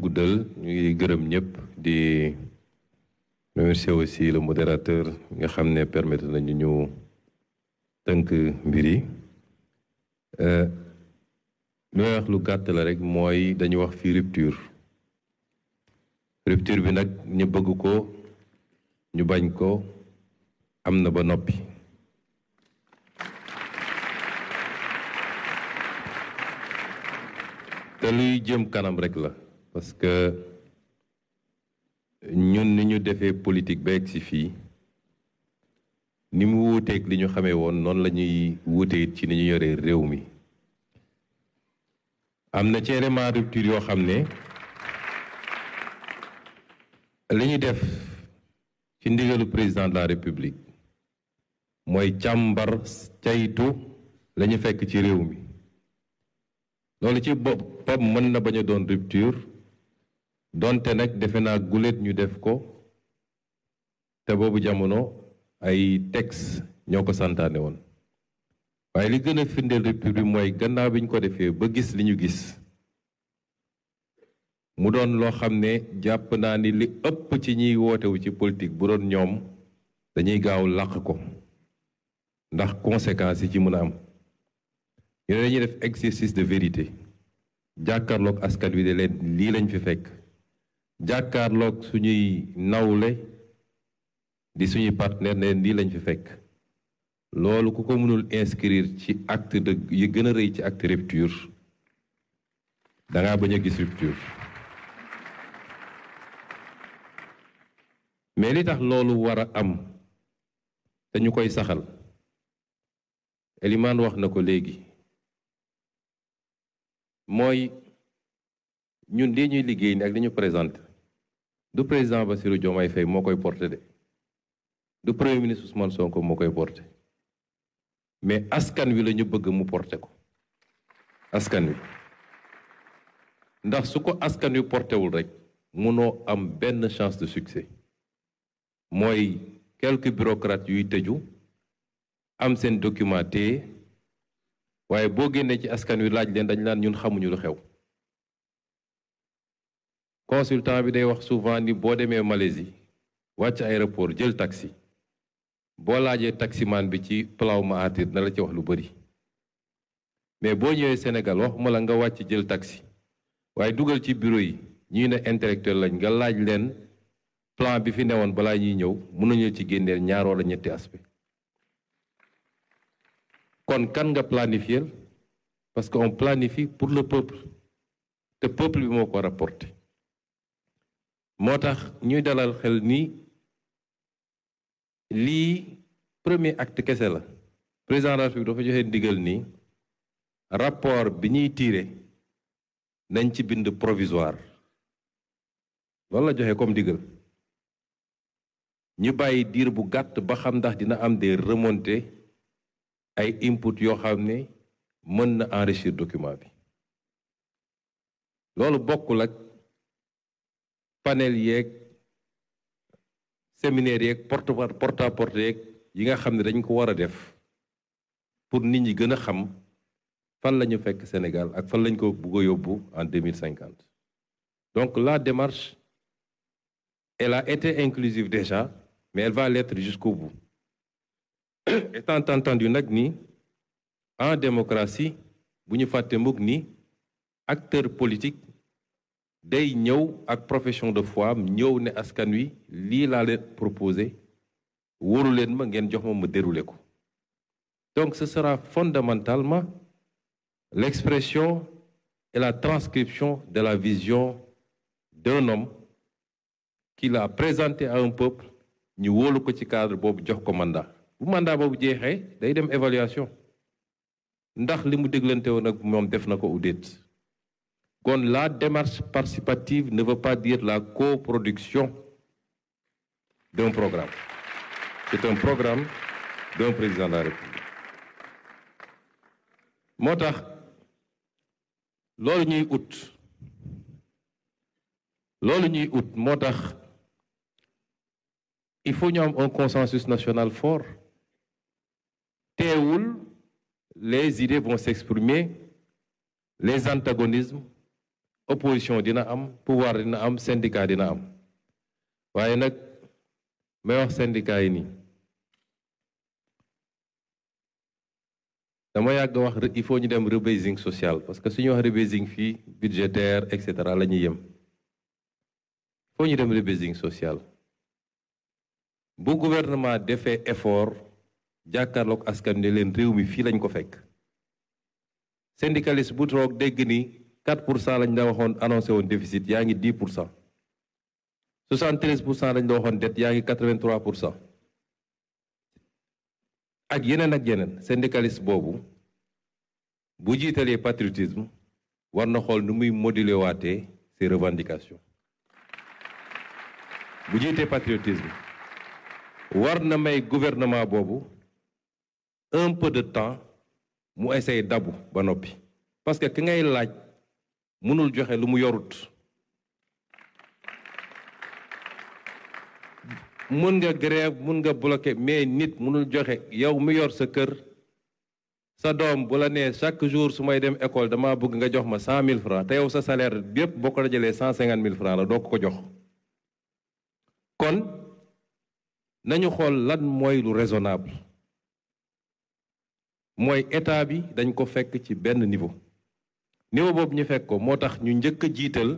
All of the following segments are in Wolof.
guddal ñu ngi gërëm ñëpp di remercier aussi le modérateur nga xam ne permettre nañu ñu tënk mbir yi euh, li may wax lu gàtt la rek mooy dañu wax fi rupture rupture bi nag ñu bëgg ko ñu bañ ko am na ba noppi te luy jëm kanam rek la parce que ñun ni ñu defee politique ba egg si fii ni mu wuuteeg li ñu xamee woon noonu la ñuy wuutee ci ni ñu yoree réew mi am na ci élément rupture yoo xam ne li ñu def ci ndigalu président de la république mooy càmbar caytu lañu fekk ci réew mi loolu ci boppam mën na bañ a doon rupture donte nag defe naa guléet ñu def ko te boobu jamono ay texte ñoo ko santaane woon waaye li gën a firndeel bi mooy gannaaw bi ñu ko defee ba gis li ñu gis mu doon loo xam ne jàpp naa ni li ëpp ci ñuy wootewu ci politique bu doon ñoom dañuy gaaw làq ko ndax conséquences yi ci mën a am ñu ne def exercice de vérité jàkkarlook askan wi de lii lañ fi fekk jàkkaarloog suñuy nawle di suñu partenaire ne nii lañ fi fekk loolu ku ko mënul inscrire ci acte de yi gën a rëy ci acte rupture dangaa bañ a gis rupture mais li tax loolu war a am te ñu koy saxal Elimaan wax na ko léegi mooy ñun li ñuy liggéey ni ak li ñu présenté du président Bassirou Diomaye Faye moo koy porté de du premier ministre Ousmane Sonko moo koy porté mais askan wi la ñu bëgg mu porté ko askan wi ndax su ko askan wi wul rek mënoo am benn chance de succès mooy quelques bureaucrates yuy tëju am seen documenté téye waaye boo génnee ci askan wi laaj leen dañ naan ñun xamuñu lu xew consultant bi day wax souvent ni boo demee Malaisie wàcc aéroport jël taxi boo laajee taximan bi ci palaaw ma atir na la ci wax lu bëri mais boo ñëwee Sénégal ma la nga wàcc jël taxi waaye dugal ci bureau yi ñii ne intellectuel lañ nga laaj leen plan bi fi newoon balaa ñuy ñëw mën ci génneel ñaar wala ñetti aspect kon kan nga planifier parce que on planifie pour le peuple te peuple bi moo ko raporti motax ñuy dalal xel ni li premier acte kessé la président de dafa joxe digël ni rapport bi ñuy tiré nañ ci bind provisoire wala la joxe comme digël ñu bayyi dir bu gatt ba xam ndax dina am des remontées ay input yohamne xamné mën na enrichir document bi lolu ak panel séminaire yek porte porte à porte yi dañ ko pour nit ñi gëna faire xam fan fekk Sénégal ak fan lañ ko en 2050. donc la démarche elle a été inclusive déjà mais elle va l'être jusqu'au bout étant entendu nak ni en démocratie nous faté fàtte ni acteur politique day ñëw ak profession de foi am ñëw ne askan wi lii laa leen proposé wóoru leen ma ngeen jox ma ma déroulé ko donc ce sera fondamentalement l'expression et la transcription de la vision d'un homme qui l'a présenté à un peuple ñu wóolu ko ci cadre boobu jox ko mandat bu mandat boobu jeexee day dem évaluation ndax li mu déglante ak moom def ko quand la démarche participative ne veut pas dire la coproduction d'un programme. C'est un programme d'un président de la République. il faut un consensus national fort les idées vont s'exprimer les antagonismes opposition dina am pouvoir dina am syndicat dina am waaye nag may wax syndicat yi nii dama yàgg wax il faut ñu dem rebasing social parce que su ñu wax rebasing fii budgétaire et cetera la ñuy yem il faut ñu dem rebasing social bu gouvernement defee effort jàkkaarloog askan ne leen réew mi fii lañ ko fekk syndicaliste bu toog dégg nii 4 pour cent lañ la waxoon annoncé woon déficit yaa ngi 10 pour cent 73 pour cent lañ la waxoon dette yaa ngi 83 pour cent ak yeneen ak yeneen syndicaliste boobu bu jiitalee patriotisme war na xool nu muy moduler waatee ses bu jiitee patriotisme war na may gouvernement boobu un peu de temps mu essaye dabu ba noppi parce ki ngay laaj mënul joxe lu mu yorut mun nga grève mun nga bloqué mais nit mënul joxe yow mi yor sa kër sa doom bu la nee chaque jour su may dem école dama bëgg nga jox ma cent mille francs te yow sa salaire bépp boo ko dajalee cent cinquante mille francs la doo ko jox kon nañu xool lan mooy lu raisonnable mooy état bi dañ ko fekk ci benn niveau niveau boobu ñu fekk ko moo tax ñu njëkk a jiital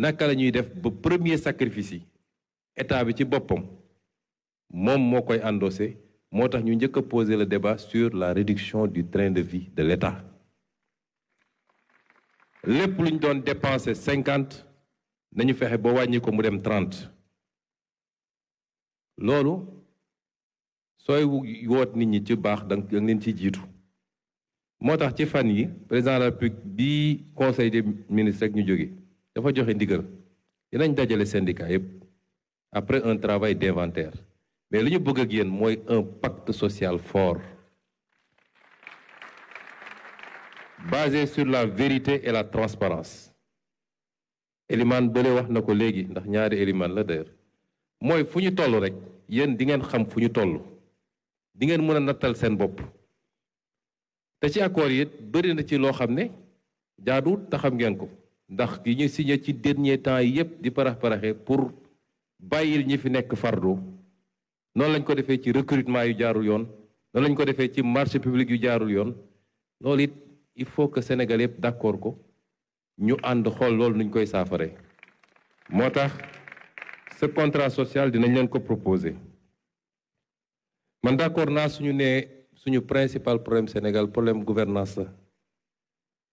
naka la ñuy def ba premier sacrifice yi état bi ci boppam moom moo koy endossé moo tax ñu njëkk a poser le débat sur la réduction du train de vie de l'état lépp luñ doon dépenser cinquante nañu fexe ba wàññi ko mu dem trente loolu sooy woot nit ñi ci baax danga leen ci jiitu motax ci fan yi président de la République bi conseil des ministres rek ñu jóge dafa joxe ndigal dinañ dajale syndicat yëpp après un travail d' inventaire mais li ñu bëgg ak yéen mooy un pacte social fort basé sur la vérité et la transparence Eliman Bale wax na ko léegi ndax ñaari Eliman la d'ailleurs mooy fu ñu toll rek yéen di ngeen xam fu ñu toll di ngeen mën a nattal seen bopp te ci accord yi bëri na ci loo xam ne jaaduwut te xam ngeen ko ndax yi ñu signé ci dernier temps yépp di parax-paraxe pour bàyyil ñi fi nekk fardo noonu lañ ko defee ci recrutement yu jaarul yoon noonu lañ ko defee ci marché public yu jaarul yoon loolu it il faut que Sénégal yëpp d'accord ko ñu ànd xool loolu nuñ koy saafare moo tax ce contrat social dinañ leen ko proposer man d'accord naa suñu ne suñu principal problème Sénégal problème gouvernance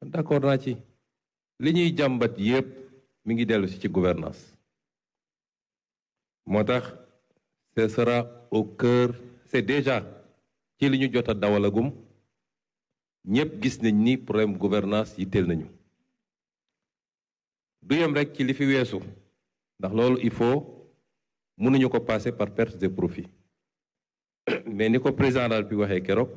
la d'accord naa ci li ñuy jàmbat yépp mi ngi dellu si ci gouvernance moo tax ce sera au cœur c'est déjà ci li ñu jot a dawalagum ñépp gis nañ ni problème gouvernance yi teel nañu du yem rek ci li fi weesu ndax loolu il faut mënuñu ko passer par perte de profit mais ni ko président daal bi waxee keroog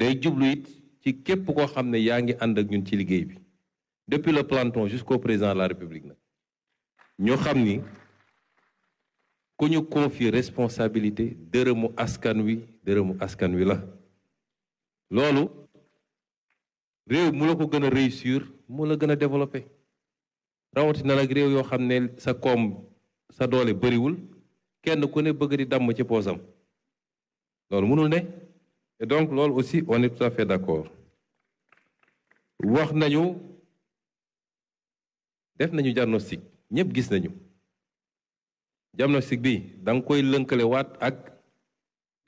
day jublu it ci képp koo xam ne yaa ngi ànd ak ñun ci liggéey bi depuis le planton jusqu'au président de la république nag ñu xam ni ku ñu confie responsabilité dërëmu askan wi dërëmu askan wi la loolu réew mu la ko gën a réussir mu la gën a développé rawatina nag réew yoo xam ne sa koom sa doole bariwul kenn ku ne bëgg di damm ci poosam loolu mënul ne et donc loolu aussi on est tout à fait wax nañu def nañu diagnostic ñëpp gis nañu diagnostic bi da nga koy lënkalewaat ak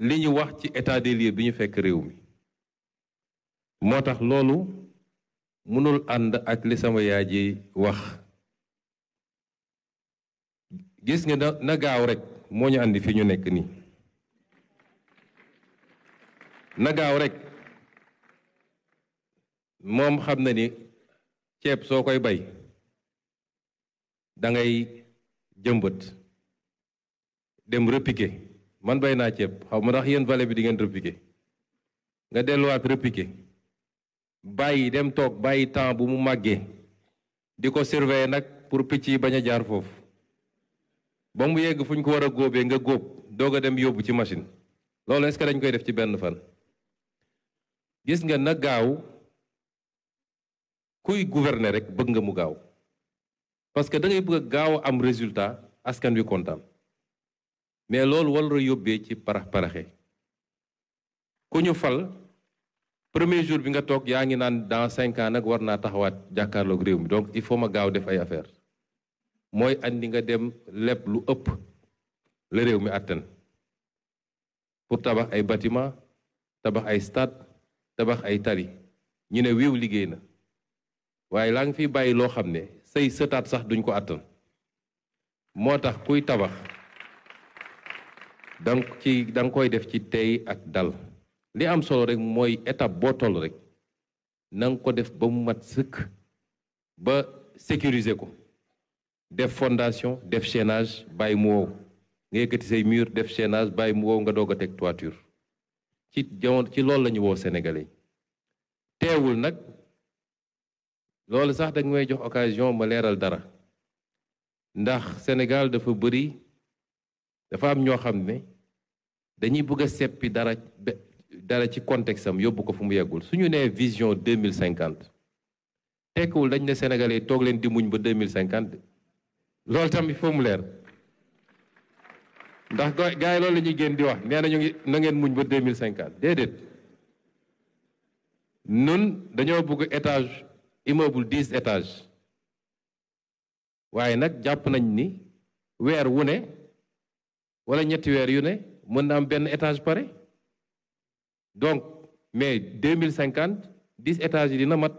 li ñu wax ci état des lieux bi ñu fekk réew mi moo tax loolu mënul ànd ak li sama yaay ji wax gis nga na na gaaw rek moo ñu andi fi ñu nekk nii na gaaw rek moom xam na ni ceeb soo koy bay da ngay jëmbët dem repiquer man bay naa ceeb xaw ma ndax yéen vallée bi di ngeen repiquer nga delluwaat repiquer bàyyi dem toog bàyyi temps bu mu màggee di ko surveiller nag pour picc yi bañ a jaar foofu ba mu yegg fu ñu ko war a góobee nga góob doog a dem yóbbu ci machine loolu est dañ koy def ci benn fan gis nga na gaaw kuy gouverner rek bëgg nga mu gaaw parce que da ngay a gaaw am résultat askan wi kontaan mais loolu warul yóbbee ci parax paraxe ku ñu fal premier jour bi nga toog yaa ngi naan dans cinq ak war naa taxawaat jàkkaarloog réew mi donc il faut ma gaaw def ay affaire mooy andi nga dem leb lu ëpp la mi àttan pour tabax ay bâtiment tabax ay stade tabax ay tali ñu ne wiw liggéey na waaye laa ngi fi bàyyi loo xam ne say sëtaat sax duñ ko àttan moo tax kuy tabax dang ci da nga koy def ci tey ak dal li am solo rek mooy étape boo toll rek na ko def ba mu mat sëkk ba sécuriser ko def fondation def chaînage bàyyi mu wow nga yëkkati say mur def chaînage bàyyi mu wow nga doog a teg toiture ci jamono ci loolu la ñu woo Sénégalais yi teewul nag loolu sax da nga jox occasion ma leeral dara ndax Sénégal dafa bëri dafa am ñoo xam ne dañuy bëgg a seppi dara dara ci contexte am yóbbu ko fu mu yeggul suñu nee vision 2050 mille tekkiwul dañ ne Sénégalais toog leen di muñ ba 2050 lool tam il faut mu leer ndax gars yi loolu la ñuy génn di wax nee nañu ngi na ngeen muñ ba deux mille cinquante déedéet nun dañoo bëgg étage immeuble dix étage waaye nag jàpp nañ ni weer wu ne wala ñetti weer yu ne mën na am benn étage pare donc mais deux mille cinquante dix étages yi dina mat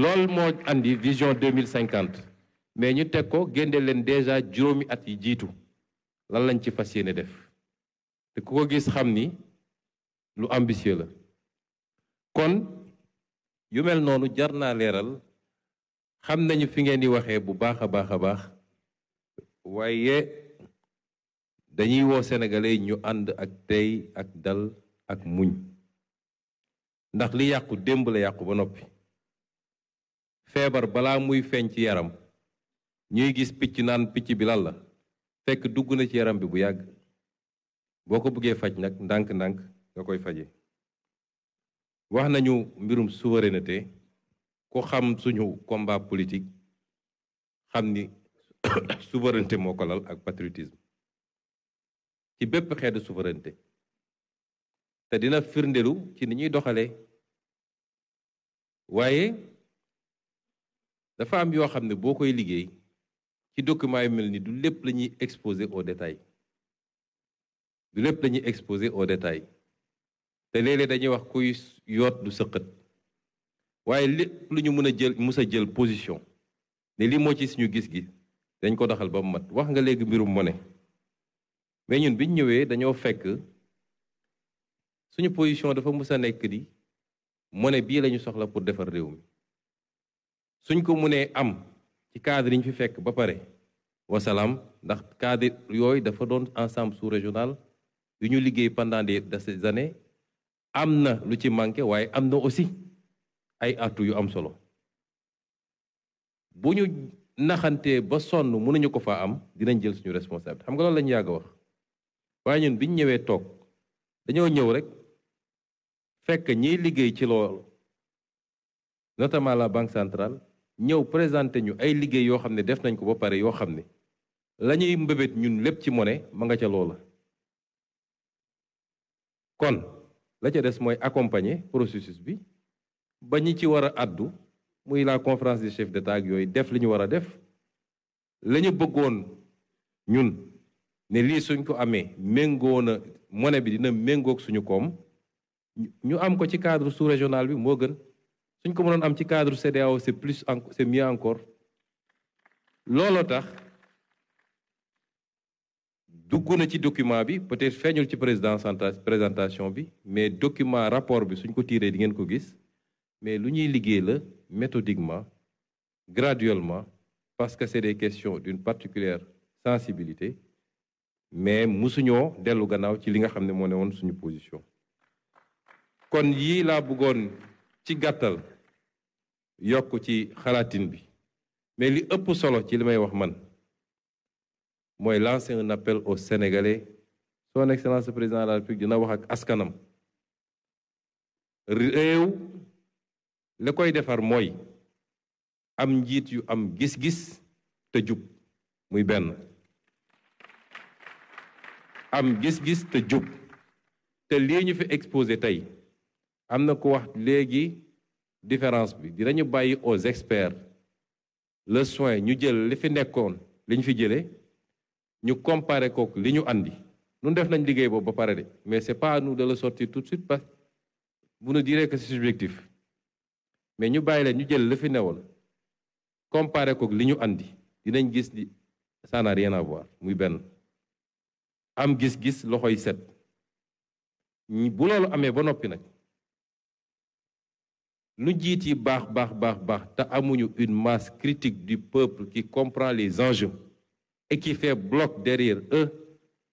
loolu moo andi vision deux mille cinquante mais ñu teg ko génne leen déjà juróomi at yi jiitu lan lañ ci fas yéene def te ku ko gis xam ni lu ambitieux la kon yu mel noonu jar naa leeral xam nañu fi ngeen di waxee bu baax a baax a baax waaye dañuy woo sénégalais ñu ànd ak tey ak dal ak muñ ndax li yàqu démb la yàqu ba noppi feebar balaa muy feeñ ci yaram ñuy gis picc naan picc bi lan la fekk dugg na ci yaram bi bu yàgg boo ko bëggee faj nag ndànk-ndànk nga koy faje wax nañu mbirum souveraineté ku xam suñu combat politique xam ni souveraineté moo ko lal ak patriotisme ci bépp xeetu souveraineté te dina firndelu ci ni ñuy doxalee waaye dafa am yoo xam ne boo koy liggéey ci document yu mel ni du lépp la ñuy exposé au détail du lépp la ñuy exposé au détail te léeg-léeg dañuy wax kuy yoot du sëqët waaye lépp lu ñu mën a jël mus a jël position ne li moo ci suñu gis gi dañ ko doxal ba mu mat wax nga léegi mbirum monnaie mais ñun biñ ñëwee dañoo fekk suñu position dafa mus a nekk di monnaie bii lañu soxla pour defar réew mi suñ ko mënee am ci cadre yi fi fekk ba pare wasalaam ndax cadre yooyu dafa doon ensemble sous régional yu ñu liggéey pendant des ces am na lu ci manqué waaye am na aussi ay atu yu am solo bu ñu naxantee ba sonn mënuñu ko fa am dinañ jël suñu responsabilité xam nga lool lañu yàgg a wax waaye ñun biñ ñëwee toog dañoo ñëw rek fekk ñiy liggéey ci loolu notamment la banque centrale ñëw présenté ñu ay liggéey yoo xam ne def nañ ko ba pare yoo xam ne la ñuy mbébét ñun lépp ci monnaie ma nga ca loola. kon la ca des mooy accompagner processus bi ba ñi ci war a addu muy la conférence des chefs d'État ak yooyu def li ñu war a def la ñu bëggoon ñun ne lii suñ ko amee méngoo na monnaie bi dina méngoog suñu koom ñu am ko ci cadre su régional bi moo gën. suñ ko mënoon am ci cadre CDAO, c'est plus c'est mieux encore looloo tax dugg na ci document bi peut-être feeñul ci président présentation bi mais document rapport bi suñ ko tiiree di ngeen ko mais lu ñuy liggéey méthodiquement graduellement parce que c'est des questions d'une particulière sensibilité mais nous dellu gannaaw ci li nga xam ne moo ne woon suñu position kon yii laa bëggoon ci gàttal yokk ci xalaatin bi mais li ëpp solo ci li may wax man mooy lancer un appel aux Sénégalais son excellence président de la République dina wax ak askanam réew li koy defar mooy am njiit yu am gis-gis te jub muy ben am gis-gis te jub te lii ñu fi exposé tey am na ko wax différence bi dinañu bàyyi aux experts le soin ñu jël li fi nekkoon li fi ñu comparer kook li andi def nañ liggéey boobu mais c'est pas à nous de le sortir tout de suite parce vous nous direz que c'est subjectif mais ñu bàyyi leen ñu jël li fi comparer kook li ñu andi dinañ gis di ça n'a rien à voir muy benn am gis-gis loxoy set bu loolu amee ba noppi nous disons que nous avons une masse critique du peuple qui comprend les enjeux et qui fait bloc derrière eux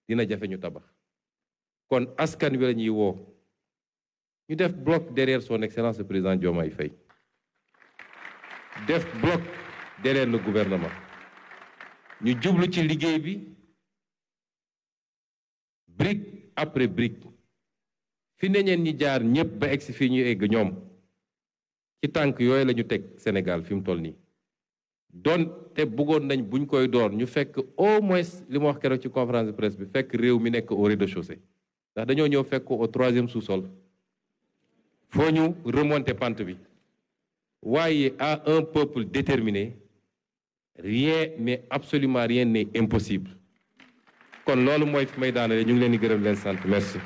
dina jafe ñu tabax kon askan wi nous Nous bloc derrière son excellence le président Diomaye Faye def bloc derrière le gouvernement Nous avons ci bi brique après brique Nous ne ñeen ñi jaar ñëpp ba egsi ci tànk yooyu la ñu teg Sénégal fi mu toll nii doon te bëggoon nañ buñ koy door ñu fekk au moins li ma wax keroog ci conférence de presse bi fekk réew mi nekk au rez-de-chaussée ndax dañoo ñëw fekk au troisième sous-sol foo ñu remonter pente bi waaye à un peuple déterminé rien mais absolument rien n'est impossible kon loolu mooy fi may daanale ñu ngi leen di gërëm leen sant merci